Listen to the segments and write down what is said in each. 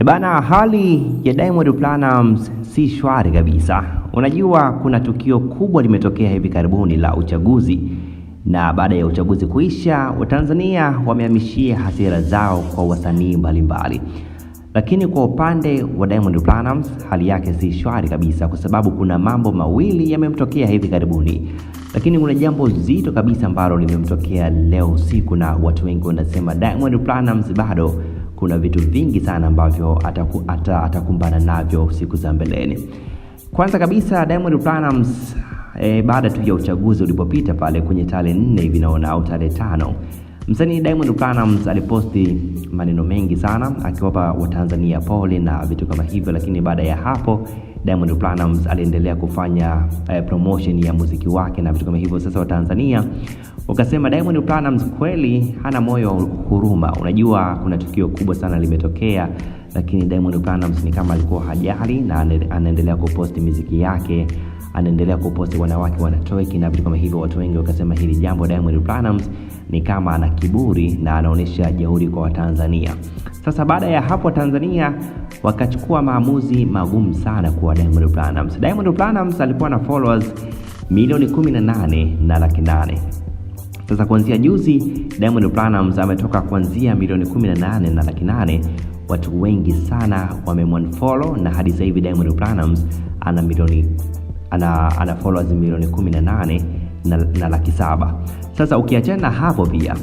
Eh bana, hali ya Diamond Platnumz si shwari kabisa. Unajua kuna tukio kubwa limetokea hivi karibuni la uchaguzi, na baada ya uchaguzi kuisha, Watanzania wamehamishia hasira zao kwa wasanii mbalimbali, lakini kwa upande wa Diamond Platnumz hali yake si shwari kabisa, kwa sababu kuna mambo mawili yamemtokea hivi karibuni, lakini kuna jambo zito kabisa ambalo limemtokea leo usiku, na watu wengi wanasema Diamond Platnumz bado kuna vitu vingi sana ambavyo atakumbana navyo siku za mbeleni. Kwanza kabisa Diamond Platnumz e, baada tu ya uchaguzi ulipopita pale kwenye tarehe nne hivi naona au tarehe tano Msanii Diamond Platnumz aliposti maneno mengi sana akiwapa Watanzania pole na vitu kama hivyo, lakini baada ya hapo Diamond Platnumz aliendelea kufanya eh, promotion ya muziki wake na vitu kama hivyo. Sasa Watanzania wakasema Diamond Platnumz kweli hana moyo huruma. Unajua kuna tukio kubwa sana limetokea, lakini Diamond Platnumz ni kama alikuwa hajali na anaendelea kuposti muziki yake anaendelea kuposti wanawake wanatoweki na vitu kama hivyo. Watu wengi wakasema hili jambo Diamond Platnumz ni kama ana kiburi na anaonyesha jeuri kwa Watanzania. Sasa baada ya hapo, Tanzania wakachukua maamuzi magumu sana kwa Diamond Platnumz. Diamond Platnumz alikuwa na followers milioni 18 na laki nane. Sasa kuanzia juzi Diamond Platnumz ametoka kuanzia milioni 18 na laki nane. Watu wengi sana wamemwanfollow na hadi sasa hivi Diamond Platnumz ana milioni ana, ana followers milioni 18 na, na laki saba. Sasa ukiachana na hapo pia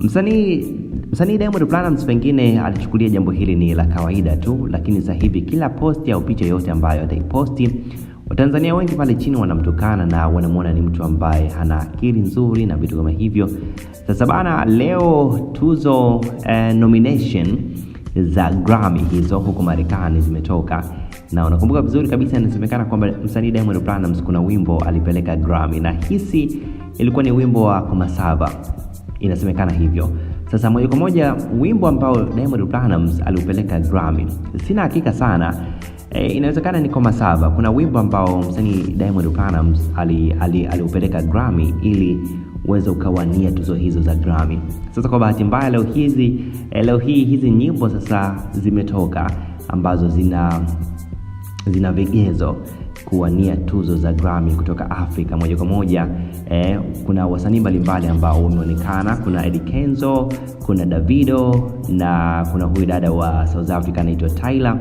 msanii msanii Diamond Platnumz pengine alichukulia jambo hili ni la kawaida tu, lakini sasa hivi kila posti au picha yoyote ambayo ataiposti Watanzania wengi pale chini wanamtukana na wanamwona ni mtu ambaye hana akili nzuri na vitu kama hivyo. Sasa bana, leo tuzo eh, nomination za Grammy hizo huko Marekani zimetoka, na unakumbuka vizuri kabisa, inasemekana kwamba msanii Diamond Platnumz kuna wimbo alipeleka Grammy na hisi ilikuwa ni wimbo wa Komasava, inasemekana hivyo. Sasa moja kwa moja wimbo ambao Diamond Platnumz aliupeleka Grammy, sina hakika sana e, inawezekana ni Komasava. Kuna wimbo ambao msanii Diamond Platnumz ali, ali, aliupeleka Grammy ili uweze ukawania tuzo hizo za Grammy. Sasa kwa bahati mbaya leo hizi eh, leo hii hizi nyimbo sasa zimetoka ambazo zina zina vigezo kuwania tuzo za Grammy kutoka Afrika moja kwa moja. Eh, kuna wasanii mbalimbali ambao wameonekana. Kuna Eddie Kenzo, kuna Davido na kuna huyu dada wa South Africa anaitwa Tyler,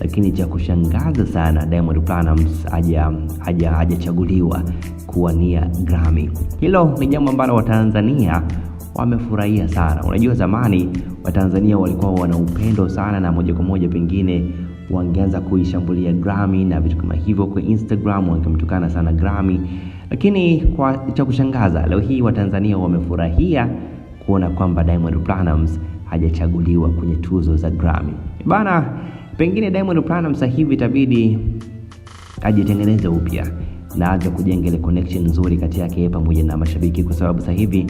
lakini cha kushangaza sana Diamond Platnumz haja haja hajachaguliwa kuwania Grammy. Hilo ni jambo ambalo Watanzania wamefurahia sana. Unajua zamani Watanzania walikuwa wana upendo sana na moja kwa moja pengine wangeanza kuishambulia Grammy na vitu kama hivyo, kwa Instagram wangemtukana sana Grammy. Lakini kwa cha kushangaza leo hii Watanzania wamefurahia kuona kwamba Diamond Platnumz hajachaguliwa kwenye tuzo za Grammy. Bana, pengine Diamond Platnumz hivi itabidi ajitengeneze upya na aanze kujenga ile connection nzuri kati yake pamoja na mashabiki, kwa sababu sasa hivi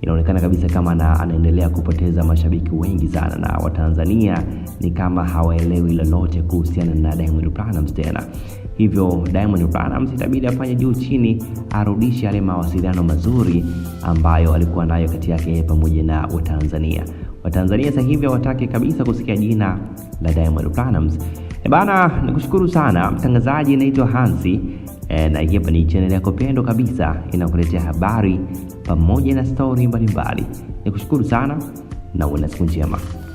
inaonekana kabisa kama na, anaendelea kupoteza mashabiki wengi sana, na Watanzania ni kama hawaelewi lolote kuhusiana na Diamond Platnumz tena. Hivyo Diamond Platnumz itabidi afanye juu chini, arudishe yale mawasiliano mazuri ambayo alikuwa nayo kati yake pamoja na Watanzania. Watanzania sasa hivi hawataki kabisa kusikia jina la Diamond Platnumz. E bana, nikushukuru sana mtangazaji, naitwa Hansi E, na hii hapa ni channel yako pendo kabisa inakuletea habari pamoja na stori mbalimbali. Nikushukuru sana na uwe na siku njema.